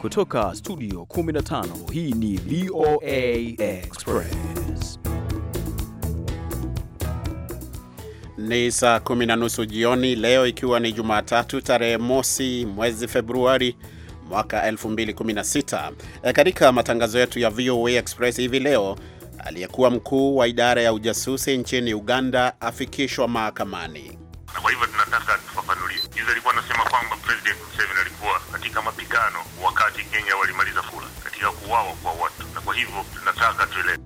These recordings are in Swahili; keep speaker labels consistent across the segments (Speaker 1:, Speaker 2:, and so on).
Speaker 1: Kutoka studio 15 hii ni VOA Express.
Speaker 2: Ni saa kumi na nusu jioni leo, ikiwa ni Jumatatu tarehe mosi mwezi Februari mwaka 2016. E, katika matangazo yetu ya VOA Express hivi leo, aliyekuwa mkuu wa idara ya ujasusi nchini Uganda afikishwa mahakamani.
Speaker 3: Kwa hivyo tunataka tufafanulie. Juzi alikuwa anasema kwamba President Museveni alikuwa katika mapigano Kenya walimaliza kura katika kuuawa kwa watu, na kwa hivyo tunataka tuelewe.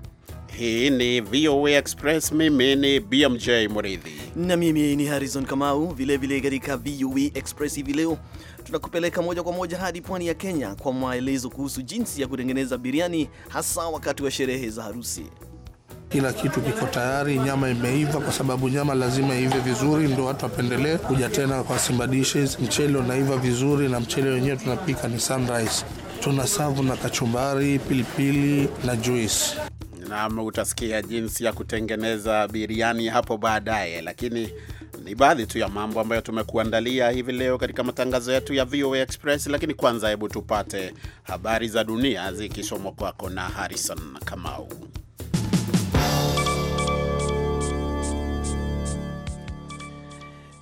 Speaker 2: Hii ni VOA Express. Mimi ni BMJ Muridhi
Speaker 1: na mimi ni Harrison Kamau. Vilevile katika VOA Express hivi leo tunakupeleka moja kwa moja hadi pwani ya Kenya kwa maelezo kuhusu jinsi ya kutengeneza biriani hasa wakati wa sherehe za harusi
Speaker 4: kila kitu kiko tayari, nyama imeiva, kwa sababu nyama lazima iive vizuri ndio watu wapendelee kuja tena kwa Simba Dishes. Mchele unaiva vizuri, na mchele wenyewe tunapika ni sunrise, tuna savu na kachumbari, pilipili na juice.
Speaker 2: Naam, utasikia jinsi ya kutengeneza biriani hapo baadaye, lakini ni baadhi tu ya mambo ambayo tumekuandalia hivi leo katika matangazo yetu ya VOA Express. Lakini kwanza, hebu tupate habari za dunia zikisomwa kwako na Harrison Kamau.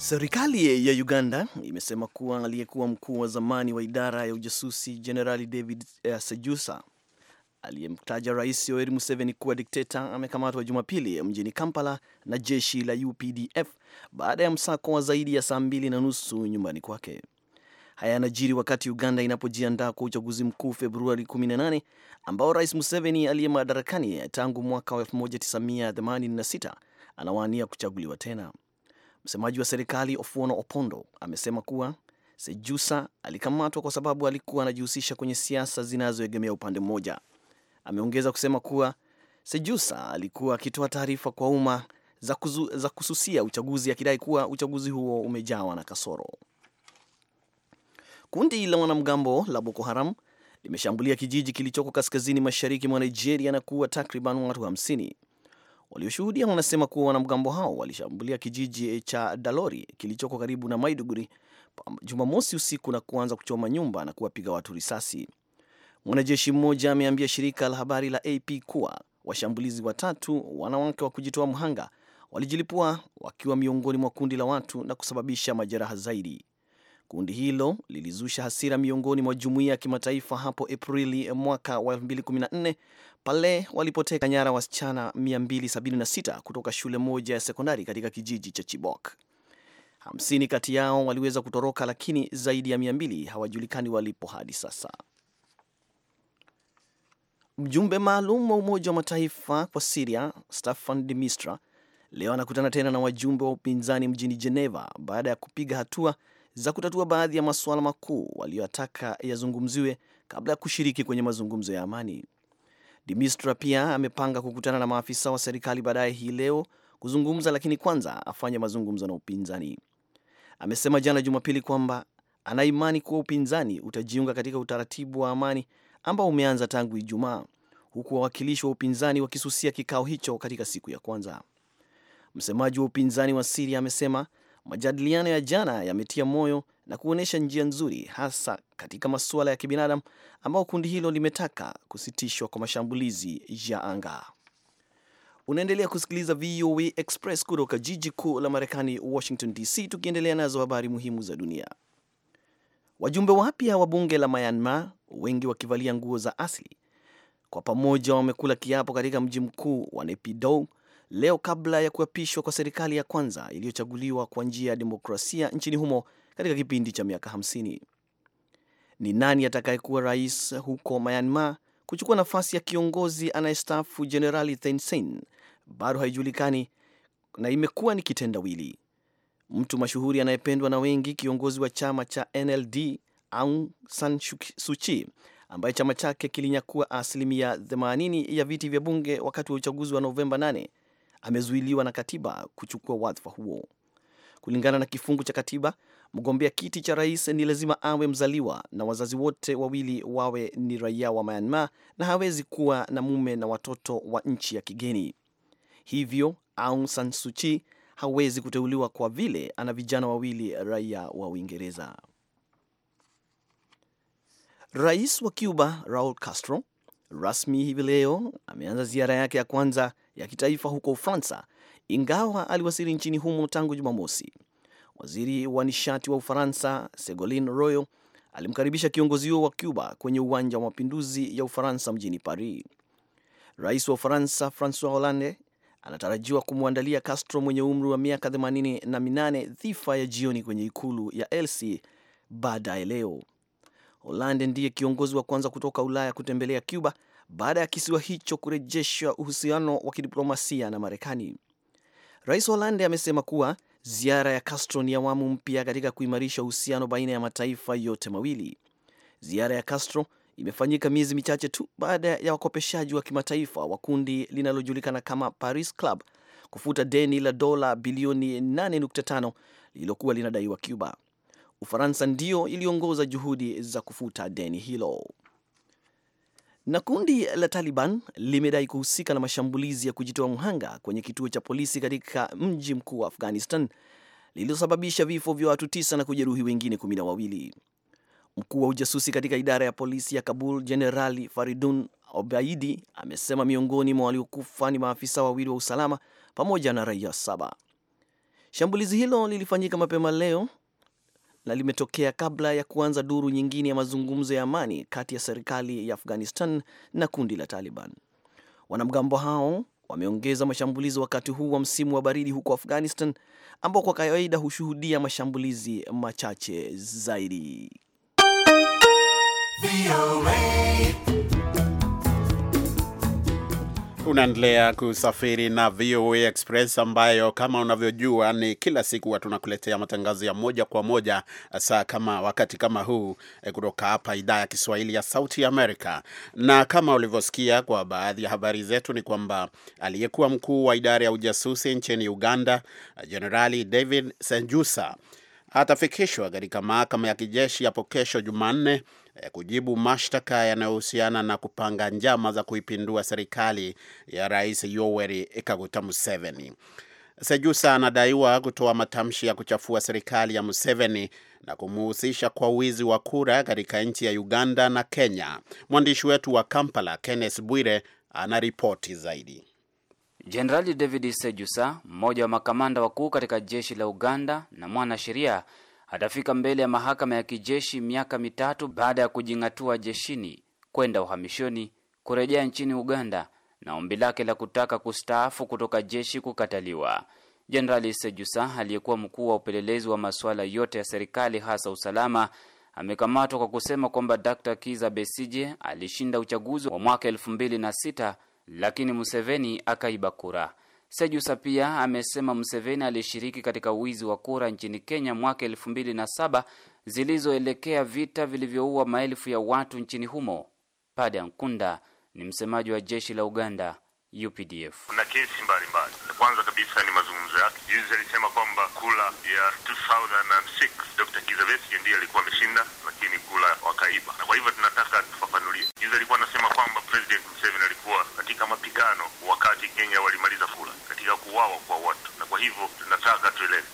Speaker 1: Serikali ya Uganda imesema kuwa aliyekuwa mkuu wa zamani wa idara ya ujasusi Jenerali David eh, Sejusa aliyemtaja Rais Yoweri Museveni kuwa dikteta amekamatwa Jumapili mjini Kampala na jeshi la UPDF baada ya msako wa zaidi ya saa mbili na nusu nyumbani kwake. Haya yanajiri wakati Uganda inapojiandaa kwa uchaguzi mkuu Februari 18 ambao Rais Museveni aliye madarakani tangu mwaka 1986 anawania kuchaguliwa tena. Msemaji wa serikali Ofuono Opondo amesema kuwa Sejusa alikamatwa kwa sababu alikuwa anajihusisha kwenye siasa zinazoegemea upande mmoja. Ameongeza kusema kuwa Sejusa alikuwa akitoa taarifa kwa umma za, za kususia uchaguzi akidai kuwa uchaguzi huo umejawa na kasoro. Kundi la wanamgambo la Boko Haram limeshambulia kijiji kilichoko kaskazini mashariki mwa Nigeria na kuua takriban watu 50. Walioshuhudia wanasema kuwa wanamgambo hao walishambulia kijiji cha Dalori kilichoko karibu na Maiduguri Jumamosi usiku na kuanza kuchoma nyumba na kuwapiga watu risasi. Mwanajeshi mmoja ameambia shirika la habari la AP kuwa washambulizi watatu wanawake wa kujitoa mhanga walijilipua wakiwa miongoni mwa kundi la watu na kusababisha majeraha zaidi Kundi hilo lilizusha hasira miongoni mwa jumuiya ya kimataifa hapo Aprili mwaka wa 2014 pale walipoteka nyara wasichana 276 kutoka shule moja ya sekondari katika kijiji cha Chibok. 50 kati yao waliweza kutoroka, lakini zaidi ya 200 hawajulikani walipo hadi sasa. Mjumbe maalum wa Umoja wa Mataifa kwa Siria Staffan de Mistra leo anakutana tena na wajumbe wa upinzani mjini Geneva baada ya kupiga hatua za kutatua baadhi ya masuala makuu waliyotaka yazungumziwe kabla ya kushiriki kwenye mazungumzo ya amani. Dimistra pia amepanga kukutana na maafisa wa serikali baadaye hii leo kuzungumza, lakini kwanza afanye mazungumzo na upinzani. Amesema jana Jumapili kwamba ana imani kuwa upinzani utajiunga katika utaratibu wa amani ambao umeanza tangu Ijumaa, huku wawakilishi wa upinzani wakisusia kikao hicho katika siku ya kwanza. Msemaji wa upinzani wa Siria amesema Majadiliano ya jana yametia moyo na kuonyesha njia nzuri, hasa katika masuala ya kibinadamu ambao kundi hilo limetaka kusitishwa kwa mashambulizi ya anga. Unaendelea kusikiliza VOA Express kutoka jiji kuu la Marekani, Washington DC, tukiendelea nazo habari muhimu za dunia. Wajumbe wapya wa bunge la Myanmar, wengi wakivalia nguo za asili, kwa pamoja wamekula kiapo katika mji mkuu wa Naypyidaw leo kabla ya kuapishwa kwa serikali ya kwanza iliyochaguliwa kwa njia ya demokrasia nchini humo katika kipindi cha miaka 50. Ni nani atakayekuwa rais huko Myanmar kuchukua nafasi ya kiongozi anayestaafu Jenerali Thein Sein bado haijulikani na imekuwa ni kitendawili. Mtu mashuhuri anayependwa na wengi, kiongozi wa chama cha NLD Aung San Suu Kyi ambaye chama chake kilinyakua asilimia 80 ya viti vya bunge wakati wa uchaguzi wa Novemba 8 amezuiliwa na katiba kuchukua wadhifa huo. Kulingana na kifungu cha katiba, mgombea kiti cha rais ni lazima awe mzaliwa na wazazi wote wawili wawe ni raia wa Myanmar na hawezi kuwa na mume na watoto wa nchi ya kigeni. Hivyo Aung San Suu Kyi hawezi kuteuliwa kwa vile ana vijana wawili raia wa Uingereza. Rais wa Cuba Raul Castro rasmi hivi leo ameanza ziara yake ya kwanza ya kitaifa huko Ufaransa, ingawa aliwasili nchini humo tangu Jumamosi. Waziri wa nishati wa Ufaransa Segolin Royal alimkaribisha kiongozi huo wa Cuba kwenye uwanja wa mapinduzi ya Ufaransa mjini Paris. Rais wa Ufaransa Francois Hollande anatarajiwa kumwandalia Castro mwenye umri wa miaka 88 dhifa ya jioni kwenye ikulu ya Elsi baadaye leo. Hollande ndiye kiongozi wa kwanza kutoka Ulaya kutembelea Cuba baada ya kisiwa hicho kurejeshwa uhusiano wa kidiplomasia na Marekani. Rais Hollande amesema kuwa ziara ya Castro ni awamu mpya katika kuimarisha uhusiano baina ya mataifa yote mawili. Ziara ya Castro imefanyika miezi michache tu baada ya wakopeshaji wa kimataifa wa kundi linalojulikana kama Paris Club kufuta deni la dola bilioni 8.5 lililokuwa linadaiwa Cuba. Ufaransa ndiyo iliongoza juhudi za kufuta deni hilo. Na kundi la Taliban limedai kuhusika na mashambulizi ya kujitoa mhanga kwenye kituo cha polisi katika mji mkuu wa Afghanistan lililosababisha vifo vya watu tisa na kujeruhi wengine kumi na wawili. Mkuu wa ujasusi katika idara ya polisi ya Kabul, Jenerali Faridun Obaidi, amesema miongoni mwa waliokufa ni maafisa wawili wa usalama pamoja na raia saba. Shambulizi hilo lilifanyika mapema leo na limetokea kabla ya kuanza duru nyingine ya mazungumzo ya amani kati ya serikali ya Afghanistan na kundi la Taliban. Wanamgambo hao wameongeza mashambulizi wakati huu wa msimu wa baridi huko Afghanistan, ambao kwa kawaida hushuhudia mashambulizi machache zaidi.
Speaker 2: Unaendelea kusafiri na VOA Express ambayo kama unavyojua ni kila siku huwa tunakuletea matangazo ya moja kwa moja saa kama wakati kama huu eh, kutoka hapa idhaa ya Kiswahili ya Sauti ya Amerika. Na kama ulivyosikia kwa baadhi ya habari zetu ni kwamba aliyekuwa mkuu wa idara ya ujasusi nchini Uganda, Jenerali David Senjusa atafikishwa katika mahakama ya kijeshi hapo kesho Jumanne Eh, kujibu mashtaka yanayohusiana na kupanga njama za kuipindua serikali ya Rais Yoweri Kaguta Museveni. Sejusa anadaiwa kutoa matamshi ya kuchafua serikali ya Museveni na kumuhusisha kwa wizi wa kura katika nchi ya Uganda na Kenya. Mwandishi wetu wa Kampala, Kenneth Bwire, ana ripoti zaidi. Jenerali David Sejusa, mmoja
Speaker 5: wa makamanda wakuu katika jeshi la Uganda na mwanasheria atafika mbele ya mahakama ya kijeshi miaka mitatu baada ya kujing'atua jeshini kwenda uhamishoni kurejea nchini Uganda na ombi lake la kutaka kustaafu kutoka jeshi kukataliwa. Jenerali Sejusa aliyekuwa mkuu wa upelelezi wa masuala yote ya serikali hasa usalama amekamatwa kwa kusema kwamba Dr. Kiza Besije alishinda uchaguzi wa mwaka 26 lakini Museveni akaiba kura. Sejusa pia amesema Museveni alishiriki katika wizi wa kura nchini Kenya mwaka elfu mbili na saba zilizoelekea vita vilivyoua maelfu ya watu nchini humo. Pade Ankunda ni msemaji wa jeshi la Uganda UPDF.
Speaker 3: Kuna kesi mbalimbali. Kwanza kabisa ni mazungumzo yake. Juzi alisema kwamba kula ya 2006 Dr. Kizabesi ndiye alikuwa ameshinda, lakini kula wakaiba, na kwa hivyo tunataka tufafanulie. Juzi alikuwa anasema kwamba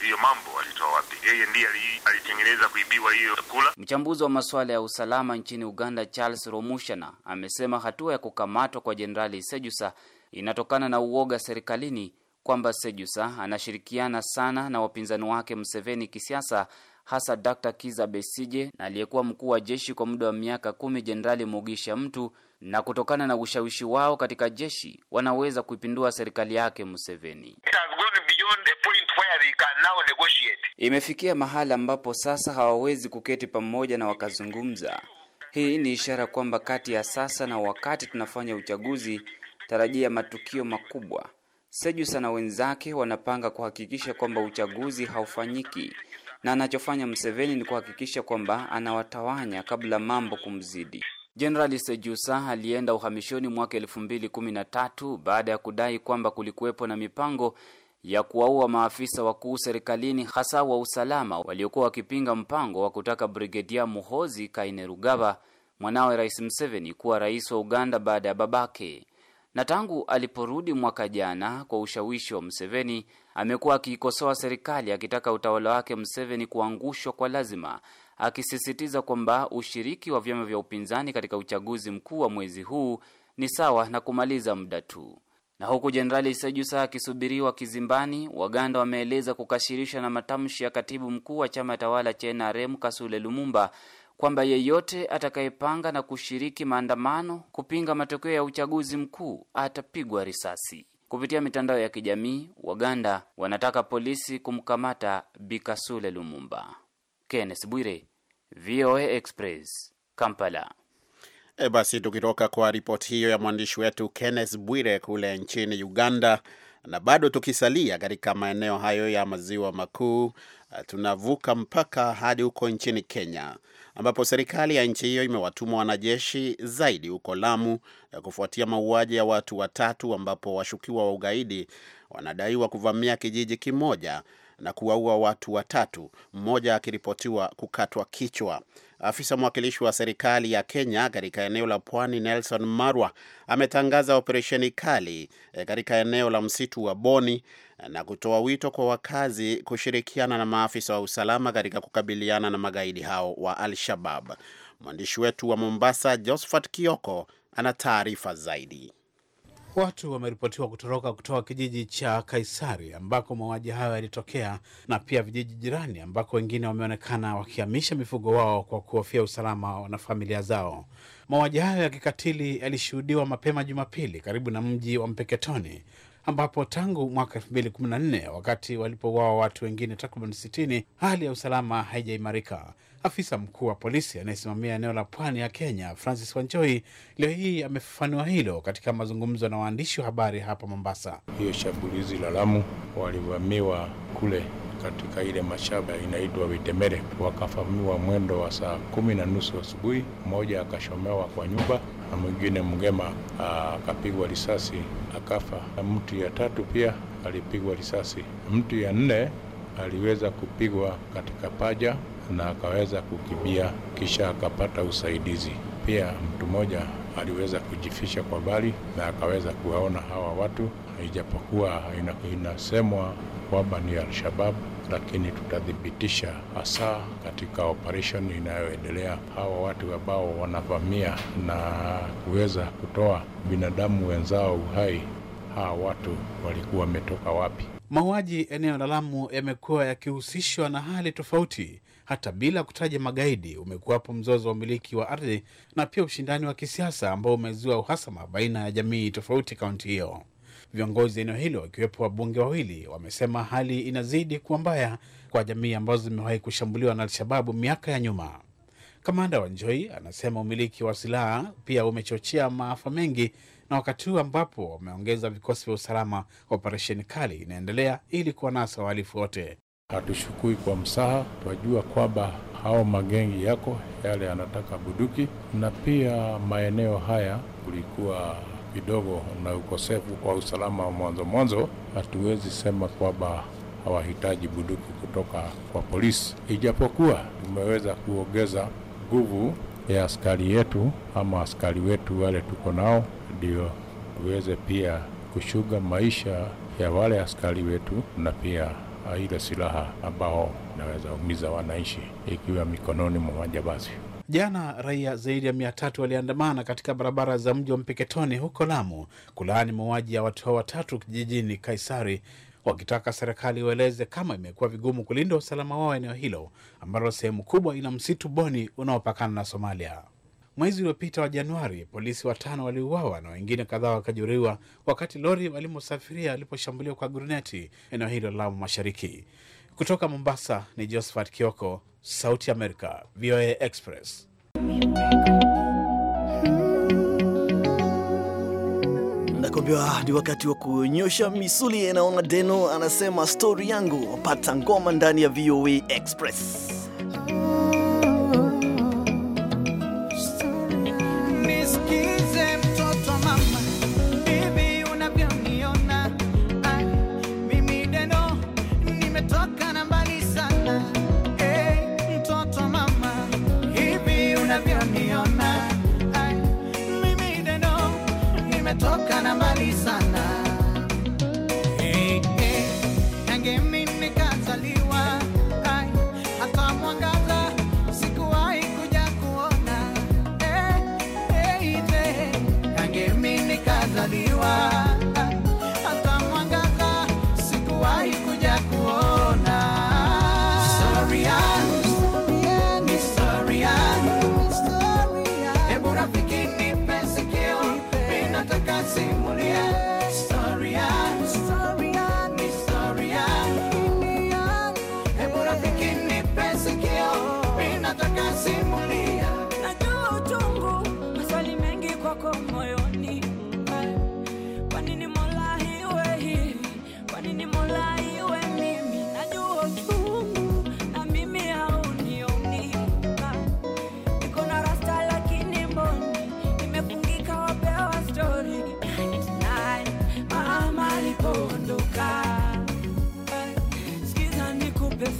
Speaker 3: hiyo mambo alitoa wapi? Yeye ndiye alitengeneza kuibiwa hiyo kula.
Speaker 5: Mchambuzi wa masuala ya usalama nchini Uganda Charles Romushana amesema hatua ya kukamatwa kwa Jenerali Sejusa inatokana na uoga serikalini kwamba Sejusa anashirikiana sana na wapinzani wake mseveni kisiasa, hasa Dr. Kiza Besije na aliyekuwa mkuu wa jeshi kwa muda wa miaka kumi Jenerali Mugisha Mtu, na kutokana na ushawishi wao katika jeshi wanaweza kuipindua serikali yake Museveni. It has gone beyond can now negotiate. Imefikia mahala ambapo sasa hawawezi kuketi pamoja na wakazungumza. Hii ni ishara kwamba kati ya sasa na wakati tunafanya uchaguzi, tarajia matukio makubwa. Sejusa na wenzake wanapanga kuhakikisha kwamba uchaguzi haufanyiki, na anachofanya Mseveni ni kuhakikisha kwamba anawatawanya kabla mambo kumzidi. Jenerali Sejusa alienda uhamishoni mwaka 2013 baada ya kudai kwamba kulikuwepo na mipango ya kuwaua maafisa wakuu serikalini hasa wa usalama waliokuwa wakipinga mpango wa kutaka Brigedia Muhozi Kainerugaba, mwanawe Rais Museveni, kuwa rais wa Uganda baada ya babake. Na tangu aliporudi mwaka jana kwa ushawishi wa Museveni, amekuwa akiikosoa serikali akitaka utawala wake Museveni kuangushwa kwa lazima, akisisitiza kwamba ushiriki wa vyama vya upinzani katika uchaguzi mkuu wa mwezi huu ni sawa na kumaliza muda tu. Na huku Jenerali sejusa akisubiriwa kizimbani, Waganda wameeleza kukashirisha na matamshi ya katibu mkuu wa chama tawala cha NRM Kasule Lumumba kwamba yeyote atakayepanga na kushiriki maandamano kupinga matokeo ya uchaguzi mkuu atapigwa risasi. Kupitia mitandao ya kijamii, Waganda wanataka polisi kumkamata Bikasule Lumumba. Kenneth Bwire, VOA Express, Kampala.
Speaker 2: E, basi tukitoka kwa ripoti hiyo ya mwandishi wetu Kenneth Bwire kule nchini Uganda, na bado tukisalia katika maeneo hayo ya maziwa makuu, e, tunavuka mpaka hadi huko nchini Kenya ambapo serikali ya nchi hiyo imewatuma wanajeshi zaidi huko Lamu e, kufuatia mauaji ya watu watatu ambapo washukiwa wa ugaidi wanadaiwa kuvamia kijiji kimoja na kuwaua watu watatu, mmoja akiripotiwa kukatwa kichwa. Afisa mwakilishi wa serikali ya Kenya katika eneo la pwani Nelson Marwa ametangaza operesheni kali eh, katika eneo la msitu wa Boni eh, na kutoa wito kwa wakazi kushirikiana na maafisa wa usalama katika kukabiliana na magaidi hao wa Al-Shabab. Mwandishi wetu wa Mombasa Josephat Kioko ana taarifa zaidi.
Speaker 6: Watu wameripotiwa kutoroka kutoka kijiji cha Kaisari ambako mauaji hayo yalitokea na pia vijiji jirani ambako wengine wameonekana wakihamisha mifugo wao kwa kuhofia usalama na familia zao. Mauaji hayo ya kikatili yalishuhudiwa mapema Jumapili karibu na mji wa Mpeketoni ambapo tangu mwaka 2014 wakati walipouawa watu wengine takriban 60, hali ya usalama haijaimarika. Afisa mkuu wa polisi anayesimamia eneo la pwani ya Kenya, Francis wanchoi leo hii amefafanua hilo katika mazungumzo na waandishi wa habari hapa Mombasa.
Speaker 3: Hiyo shambulizi la Lamu, walivamiwa kule katika ile mashaba inaitwa Witemere, wakafamiwa mwendo wa saa kumi na nusu asubuhi. Mmoja akashomewa kwa nyumba na mwingine mgema ah, akapigwa risasi akafa. Mtu ya tatu pia alipigwa risasi. Mtu ya nne aliweza kupigwa katika paja na akaweza kukimbia kisha akapata usaidizi. Pia mtu mmoja aliweza kujifisha kwa bali na akaweza kuwaona hawa watu, ijapokuwa inasemwa kwamba ni Al-Shabab, lakini tutathibitisha hasa katika operesheni inayoendelea, hawa watu ambao wanavamia na kuweza kutoa binadamu wenzao uhai, hawa watu walikuwa wametoka wapi? Mauaji
Speaker 6: eneo la Lamu yamekuwa yakihusishwa na hali tofauti hata bila kutaja magaidi. Umekuwapo mzozo wa umiliki wa ardhi na pia ushindani wa kisiasa ambao umezua uhasama baina ya jamii tofauti kaunti hiyo. Viongozi eneo hilo wakiwepo wabunge wawili wamesema hali inazidi kuwa mbaya kwa jamii ambazo zimewahi kushambuliwa na Alshababu miaka ya nyuma. Kamanda wa Njoi anasema umiliki wa silaha pia umechochea maafa mengi, na wakati huu ambapo wameongeza vikosi vya usalama, operesheni kali inaendelea ili
Speaker 3: kuwanasa wahalifu wote. Hatushukui kwa msaha, twajua kwamba hao magengi yako yale yanataka buduki, na pia maeneo haya kulikuwa kidogo na ukosefu kwa usalama wa mwanzo mwanzo. Hatuwezi sema kwamba hawahitaji buduki kutoka kwa polisi, ijapokuwa tumeweza kuongeza nguvu ya askari yetu ama askari wetu wale tuko nao, ndio tuweze pia kushuga maisha ya wale askari wetu na pia ile silaha ambao inaweza umiza wananchi ikiwa mikononi mwa majambazi.
Speaker 6: Jana raia zaidi ya mia tatu waliandamana katika barabara za mji wa Mpeketoni huko Lamu kulaani mauaji ya watu hao watatu kijijini Kaisari, wakitaka serikali ueleze kama imekuwa vigumu kulinda usalama wao eneo hilo ambalo sehemu kubwa ina msitu Boni unaopakana na Somalia. Mwezi uliopita wa Januari, polisi watano waliuawa na wengine kadhaa wakajeruhiwa wakati lori walimosafiria waliposhambuliwa kwa gruneti eneo hilo la Lamu Mashariki. Kutoka Mombasa ni Josephat Kioko, Sauti Amerika, VOA
Speaker 1: Express. Nakwambiwa ni wakati wa kunyosha misuli. yanaona Deno anasema stori yangu, pata ngoma ndani ya VOA Express.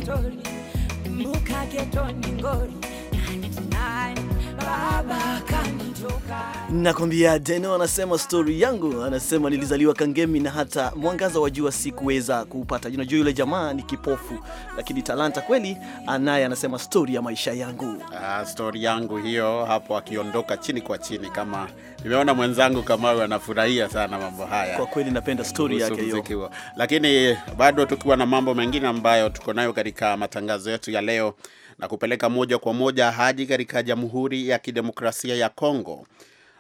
Speaker 5: story muka geto ngori
Speaker 1: Nakwambia Deno anasema stori yangu, anasema nilizaliwa Kangemi na hata mwangaza wa jua sikuweza kuupata. Unajua yule jamaa ni kipofu, lakini talanta kweli anaye. Anasema stori ya maisha yangu.
Speaker 2: Ah, stori yangu hiyo hapo, akiondoka chini kwa chini. Kama nimeona mwenzangu Kamau anafurahia sana mambo haya, kwa kweli napenda stori yake hiyo. Lakini bado tukiwa na mambo mengine ambayo tuko nayo katika matangazo yetu ya leo na kupeleka moja kwa moja hadi katika Jamhuri ya Kidemokrasia ya Kongo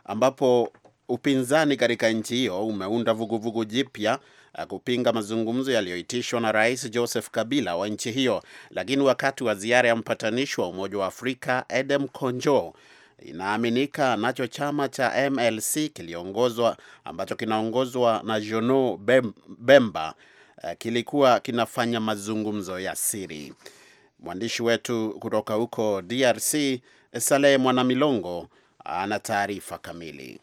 Speaker 2: ambapo upinzani katika nchi hiyo umeunda vuguvugu jipya eh, kupinga mazungumzo yaliyoitishwa na Rais Joseph Kabila wa nchi hiyo. Lakini wakati wa ziara ya mpatanishi wa Umoja wa Afrika Edem Konjo, inaaminika nacho chama cha MLC kiliongozwa ambacho kinaongozwa na Jono Bemba eh, kilikuwa kinafanya mazungumzo ya siri. Mwandishi wetu kutoka huko DRC Saleh Mwanamilongo ana taarifa kamili.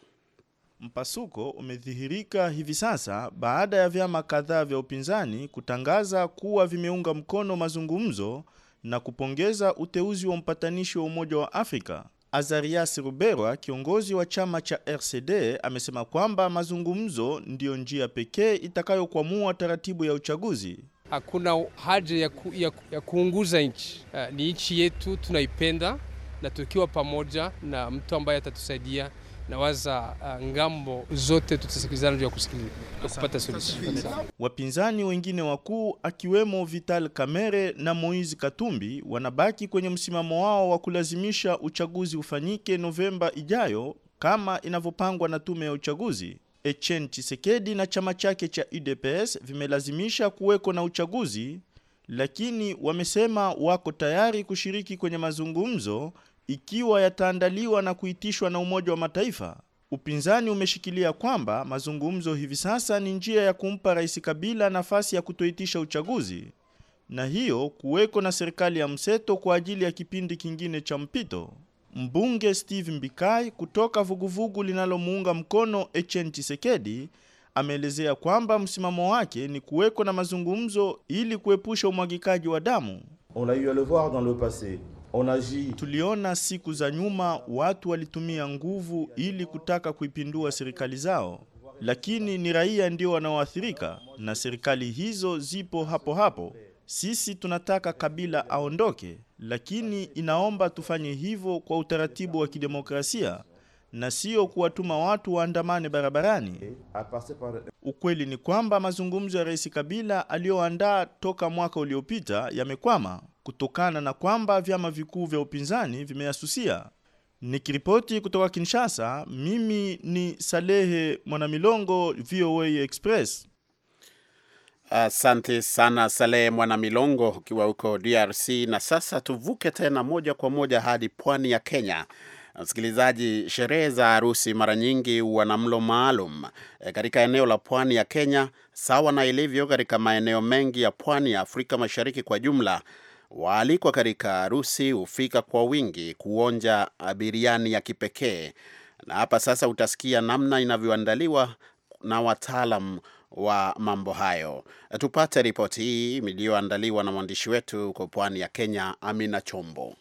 Speaker 7: Mpasuko umedhihirika hivi sasa baada ya vyama kadhaa vya upinzani kutangaza kuwa vimeunga mkono mazungumzo na kupongeza uteuzi wa mpatanishi wa Umoja wa Afrika. Azarias Ruberwa, kiongozi wa chama cha RCD, amesema kwamba mazungumzo ndiyo njia pekee itakayokwamua taratibu ya uchaguzi.
Speaker 4: Hakuna haja ya, ku, ya, ya kuunguza nchi. Eh, ni nchi yetu tunaipenda, na tukiwa pamoja na mtu ambaye atatusaidia nawaza uh, ngambo
Speaker 7: zote tutasikilizana juu ya kupata suluhisho. Wapinzani wengine wakuu akiwemo Vital Kamerhe na Moise Katumbi wanabaki kwenye msimamo wao wa kulazimisha uchaguzi ufanyike Novemba ijayo kama inavyopangwa na tume ya uchaguzi Etienne Chisekedi na chama chake cha UDPS vimelazimisha kuweko na uchaguzi, lakini wamesema wako tayari kushiriki kwenye mazungumzo ikiwa yataandaliwa na kuitishwa na Umoja wa Mataifa. Upinzani umeshikilia kwamba mazungumzo hivi sasa ni njia ya kumpa Rais Kabila nafasi ya kutoitisha uchaguzi na hiyo kuweko na serikali ya mseto kwa ajili ya kipindi kingine cha mpito. Mbunge Steve Mbikai kutoka vuguvugu linalomuunga mkono Etienne Tshisekedi ameelezea kwamba msimamo wake ni kuwekwa na mazungumzo ili kuepusha umwagikaji wa damu. On a eu le voir dans le passé. On agit. Tuliona siku za nyuma watu walitumia nguvu ili kutaka kuipindua serikali zao, lakini ni raia ndio wanaoathirika na serikali hizo zipo hapo hapo. Sisi tunataka Kabila aondoke lakini inaomba tufanye hivyo kwa utaratibu wa kidemokrasia na sio kuwatuma watu waandamane barabarani. Ukweli ni kwamba mazungumzo ya Rais Kabila aliyoandaa toka mwaka uliopita yamekwama kutokana na kwamba vyama vikuu vya upinzani vimeyasusia. Nikiripoti kutoka Kinshasa, mimi ni Salehe Mwanamilongo, VOA Express.
Speaker 2: Asante uh, sana Salehe Mwana Milongo ukiwa huko DRC. Na sasa tuvuke tena moja kwa moja hadi pwani ya Kenya. Msikilizaji, sherehe za harusi mara nyingi huwa na mlo maalum e, katika eneo la pwani ya Kenya sawa na ilivyo katika maeneo mengi ya pwani ya Afrika Mashariki kwa jumla. Waalikwa katika harusi hufika kwa wingi kuonja biriani ya kipekee, na hapa sasa utasikia namna inavyoandaliwa na wataalam wa mambo hayo. Tupate ripoti hii iliyoandaliwa na mwandishi wetu kwa pwani ya Kenya, Amina Chombo.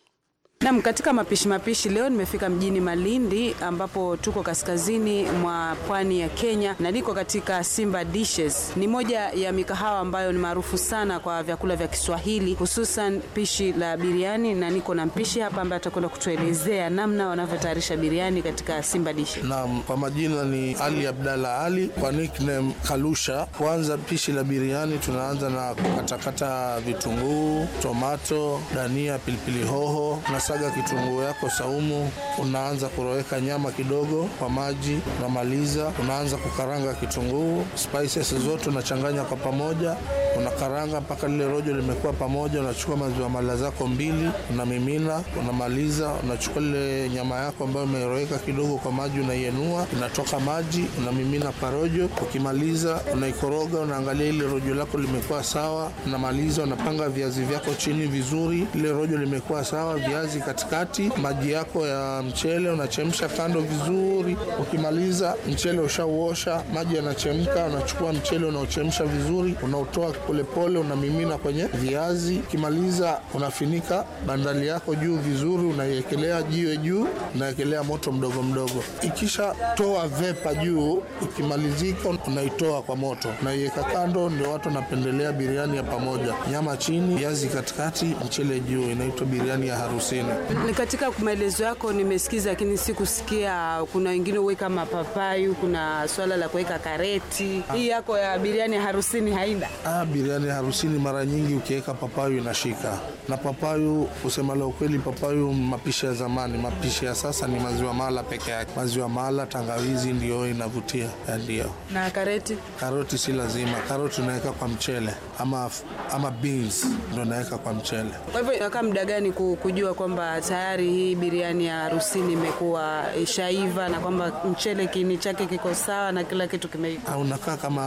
Speaker 5: Nam, katika mapishi mapishi, leo nimefika mjini Malindi ambapo tuko kaskazini mwa pwani ya Kenya na niko katika Simba Dishes. Ni moja ya mikahawa ambayo ni maarufu sana kwa vyakula vya Kiswahili hususan pishi la biriani, na niko na mpishi hapa ambaye atakwenda
Speaker 4: kutuelezea namna wanavyotayarisha biriani katika Simba Dishes. Naam, kwa majina ni Ali Abdalla Ali kwa nickname Kalusha. Kwanza pishi la biriani tunaanza na kukatakata vitunguu, tomato, dania, pilipili hoho na unasaga kitunguu yako saumu, unaanza kuroweka nyama kidogo kwa maji, unamaliza unaanza kukaranga kitunguu, spices zote unachanganya kwa pamoja, unakaranga mpaka lile rojo limekuwa pamoja. Unachukua maziwa mala zako mbili, unamimina, unamaliza, unachukua ile nyama yako ambayo umeroweka kidogo kwa maji, unaienua, inatoka maji, unamimina kwa rojo. Ukimaliza unaikoroga, unaangalia ile rojo lako limekuwa sawa, unamaliza, unapanga viazi vyako chini vizuri, ile rojo limekuwa sawa, viazi katikati, maji yako ya mchele unachemsha kando vizuri. Ukimaliza mchele ushauosha, maji yanachemka, unachukua mchele unaochemsha vizuri, unaotoa polepole, unamimina kwenye viazi. Ukimaliza unafinika bandali yako juu vizuri, unaiekelea jiwe juu, unaekelea moto mdogo mdogo. Ikisha toa vepa juu, ukimalizika unaitoa kwa moto, unaiweka kando. Ndio watu wanapendelea biriani ya pamoja, nyama chini, viazi katikati, mchele juu. Inaitwa biriani ya harusini.
Speaker 5: Katika maelezo yako nimesikiza, lakini sikusikia kuna wengine huweka mapapayu, kuna swala
Speaker 8: la kuweka kareti. Ah. Hii yako ya
Speaker 4: biriani harusini haina? Ah, biriani harusini mara nyingi ukiweka papayu inashika, na papayu kusema la ukweli, papayu mapishi ya zamani, mapishi ya sasa ni maziwa mala peke yake, maziwa mala, tangawizi ndio inavutia, ndio.
Speaker 5: Na karoti?
Speaker 4: Karoti si lazima, karoti unaweka kwa mchele ama, ama beans ndio unaweka kwa mchele.
Speaker 5: Kwa hivyo inakaa muda gani kujua kwamba kwamba tayari hii biriani ya harusini imekuwa ishaiva na kwamba mchele kiini chake kiko sawa na
Speaker 4: kila kitu kimeiva. Ah, unakaa kama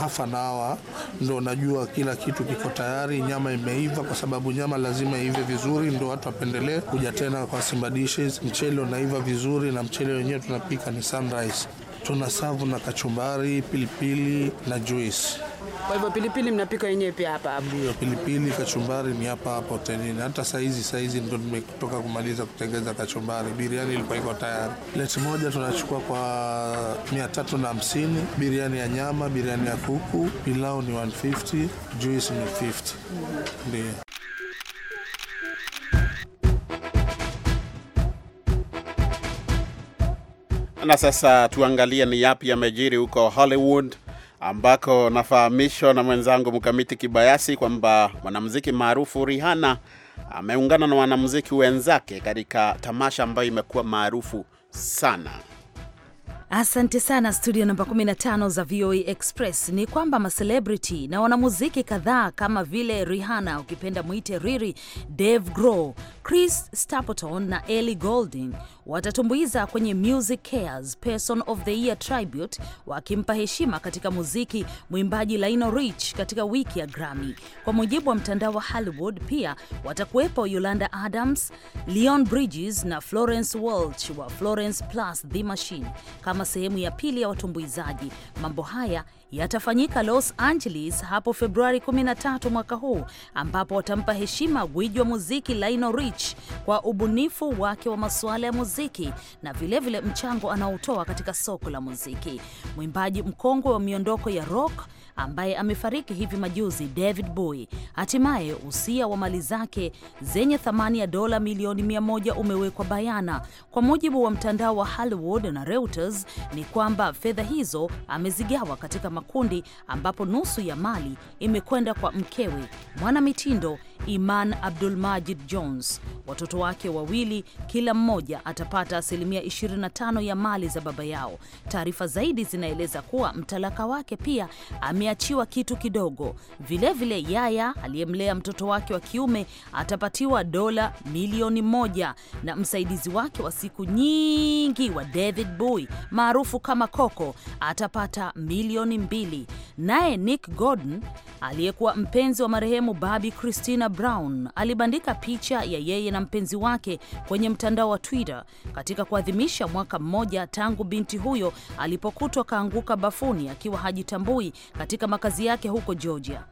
Speaker 4: hafa na hawa, ndo unajua kila kitu kiko tayari, nyama imeiva, kwa sababu nyama lazima iive vizuri ndo watu wapendelee kuja tena kwa Simba Dishes. Mchele unaiva vizuri, na mchele wenyewe tunapika ni sunrise, tuna savu na kachumbari, pilipili na juisi. Kwa hivyo pilipili mnapika yenyewe pia hapa hapa? Ndio, pilipili kachumbari ni hapa hapa hotelini. Hata saizi saizi ndo tumetoka kumaliza kutengeza kachumbari. Biriani ilikuwa iko tayari. Leti moja tunachukua kwa mia tatu na hamsini, biriani ya nyama, biriani ya kuku, pilau ni 150, juice ni 50. Ndio.
Speaker 2: Na sasa tuangalie ni yapi yamejiri huko Hollywood ambako nafahamishwa na mwenzangu Mkamiti Kibayasi kwamba mwanamuziki maarufu Rihanna ameungana na wanamuziki wenzake katika tamasha ambayo imekuwa maarufu sana.
Speaker 8: Asante sana studio namba 15 za VOA e Express. Ni kwamba macelebrity na wanamuziki kadhaa kama vile Rihanna, ukipenda mwite Riri, Dave Grohl Chris Stapleton na Ellie Golding watatumbuiza kwenye Music Cares Person of the Year Tribute, wakimpa heshima katika muziki mwimbaji Lionel Rich katika wiki ya Grammy. Kwa mujibu wa mtandao wa Hollywood, pia watakuwepo Yolanda Adams, Leon Bridges na Florence Welch wa Florence Plus The Machine kama sehemu ya pili ya watumbuizaji. Mambo haya yatafanyika Los Angeles hapo Februari 13 mwaka huu, ambapo watampa heshima gwiji wa muziki Lionel Rich kwa ubunifu wake wa masuala ya muziki na vilevile vile mchango anaotoa katika soko la muziki. Mwimbaji mkongwe wa miondoko ya rock ambaye amefariki hivi majuzi, David Bowie, hatimaye usia wa mali zake zenye thamani ya dola milioni mia moja umewekwa bayana. Kwa mujibu wa mtandao wa Hollywood na Reuters, ni kwamba fedha hizo amezigawa katika makundi, ambapo nusu ya mali imekwenda kwa mkewe mwanamitindo Iman Abdulmajid Jones. Watoto wake wawili kila mmoja atapata asilimia 25 ya mali za baba yao. Taarifa zaidi zinaeleza kuwa mtalaka wake pia ameachiwa kitu kidogo. Vilevile vile yaya aliyemlea mtoto wake wa kiume atapatiwa dola milioni moja na msaidizi wake wa siku nyingi wa David Bowie maarufu kama Coco atapata milioni mbili. Naye Nick Gordon aliyekuwa mpenzi wa marehemu Bobby Christina Brown alibandika picha ya yeye na mpenzi wake kwenye mtandao wa Twitter katika kuadhimisha mwaka mmoja tangu binti huyo alipokutwa kaanguka bafuni akiwa hajitambui katika makazi yake huko Georgia.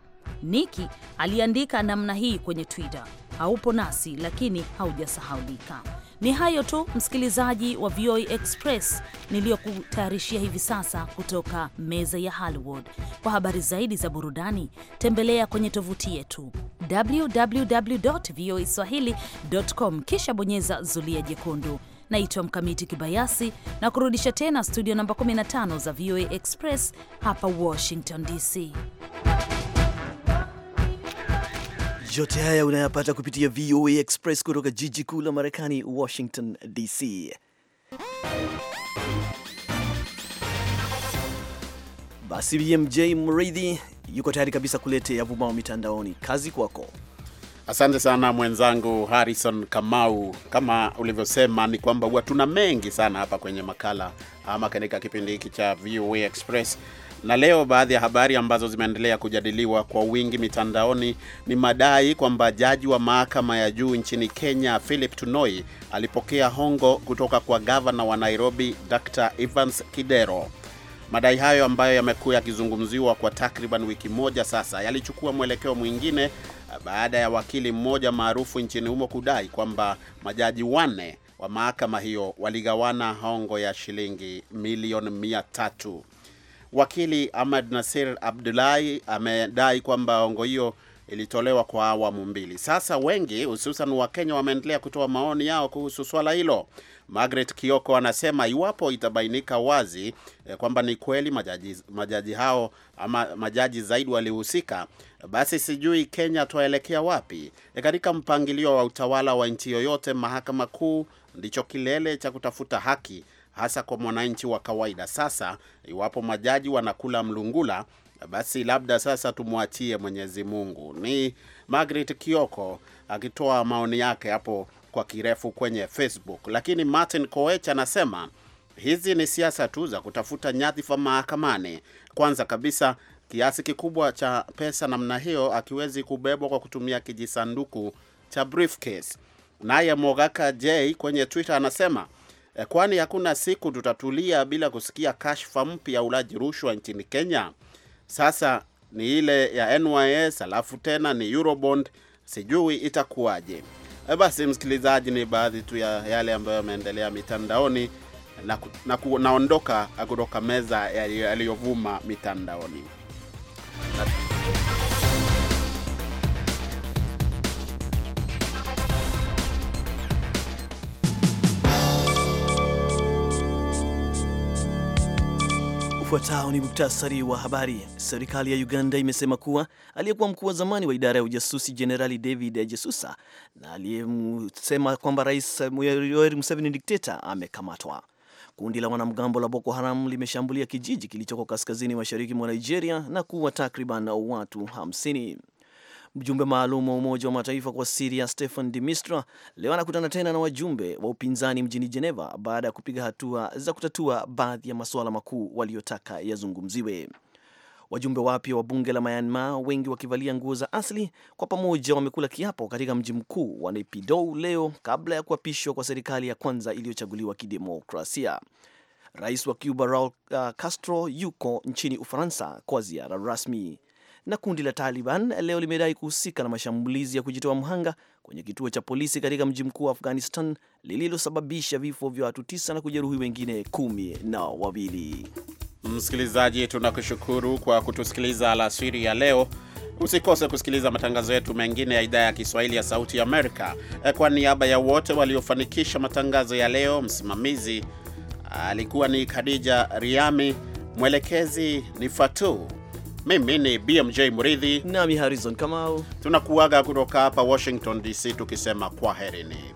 Speaker 8: Nikki aliandika namna hii kwenye Twitter: haupo nasi lakini haujasahaulika. Ni hayo tu msikilizaji wa VOA Express niliyokutayarishia hivi sasa kutoka meza ya Hollywood. Kwa habari zaidi za burudani tembelea kwenye tovuti yetu www swahilicom, kisha bonyeza zulia jekundu. Naitwa Mkamiti Kibayasi na kurudisha tena studio namba 15 za VOA Express hapa Washington DC.
Speaker 1: Yote haya unayapata kupitia VOA Express kutoka jiji kuu la Marekani, Washington DC. Basi BMJ Mridhi yuko tayari kabisa kulete yavumao mitandaoni.
Speaker 2: Kazi kwako. Asante sana mwenzangu Harrison Kamau. Kama ulivyosema, ni kwamba huwa tuna mengi sana hapa kwenye makala ama katika kipindi hiki cha VOA Express na leo baadhi ya habari ambazo zimeendelea kujadiliwa kwa wingi mitandaoni ni madai kwamba jaji wa mahakama ya juu nchini Kenya Philip Tunoi alipokea hongo kutoka kwa gavana wa Nairobi Dr. Evans Kidero. Madai hayo ambayo yamekuwa yakizungumziwa kwa takriban wiki moja sasa yalichukua mwelekeo mwingine baada ya wakili mmoja maarufu nchini humo kudai kwamba majaji wanne wa mahakama hiyo waligawana hongo ya shilingi milioni mia tatu. Wakili Ahmad Nasir Abdullahi amedai kwamba hongo hiyo ilitolewa kwa awamu mbili. Sasa wengi hususan Wakenya wameendelea kutoa maoni yao kuhusu swala hilo. Margaret Kioko anasema iwapo itabainika wazi eh, kwamba ni kweli majaji, majaji hao ama majaji zaidi walihusika, basi sijui Kenya tuelekea wapi. E, katika mpangilio wa utawala wa nchi yoyote, mahakama kuu ndicho kilele cha kutafuta haki hasa kwa mwananchi wa kawaida. Sasa iwapo majaji wanakula mlungula, basi labda sasa tumwachie Mwenyezi Mungu. Ni Margaret Kioko akitoa maoni yake hapo kwa kirefu kwenye Facebook. Lakini Martin Koech anasema hizi ni siasa tu za kutafuta nyadhifa mahakamani. Kwanza kabisa, kiasi kikubwa cha pesa namna hiyo akiwezi kubebwa kwa kutumia kijisanduku cha briefcase. Naye Mogaka J kwenye Twitter anasema Eh, kwani hakuna siku tutatulia bila kusikia kashfa mpya ya ulaji rushwa nchini Kenya. Sasa ni ile ya NYS alafu tena ni Eurobond, sijui itakuwaje. Eh, basi msikilizaji, ni baadhi tu ya yale ambayo yameendelea mitandaoni na, na, naondoka kutoka meza yaliyovuma mitandaoni na,
Speaker 1: Ufuatao ni muktasari wa habari. Serikali ya Uganda imesema kuwa aliyekuwa mkuu wa zamani wa idara ya ujasusi Jenerali David ajesusa na aliyemsema kwamba Rais Yoweri Museveni dikteta amekamatwa. Kundi la wanamgambo la Boko Haram limeshambulia kijiji kilichoko kaskazini mashariki mwa Nigeria na kuua takriban watu 50. Mjumbe maalum wa Umoja wa Mataifa kwa Siria Stefan de Mistura leo anakutana tena na wajumbe wa upinzani mjini Geneva baada ya kupiga hatua za kutatua baadhi ya masuala makuu waliotaka yazungumziwe. Wajumbe wapya wa bunge la Myanmar, wengi wakivalia nguo za asili, kwa pamoja wamekula kiapo katika mji mkuu wa Naypyidaw leo kabla ya kuapishwa kwa serikali ya kwanza iliyochaguliwa kidemokrasia. Rais wa Cuba Raul uh, Castro yuko nchini Ufaransa kwa ziara rasmi na kundi la Taliban leo limedai kuhusika na mashambulizi ya kujitoa mhanga kwenye kituo cha polisi katika mji mkuu wa Afghanistan lililosababisha vifo vya watu tisa na kujeruhi wengine kumi na wawili.
Speaker 2: Msikilizaji, tunakushukuru kwa kutusikiliza alasiri ya leo. Usikose kusikiliza matangazo yetu mengine ya idhaa ya Kiswahili ya Sauti Amerika. E, kwa niaba ya wote waliofanikisha matangazo ya leo, msimamizi alikuwa ni Khadija Riami, mwelekezi ni Fatu mimi ni BMJ mridhi nami Harrison Kamau, tunakuaga kutoka hapa Washington DC tukisema kwaherini.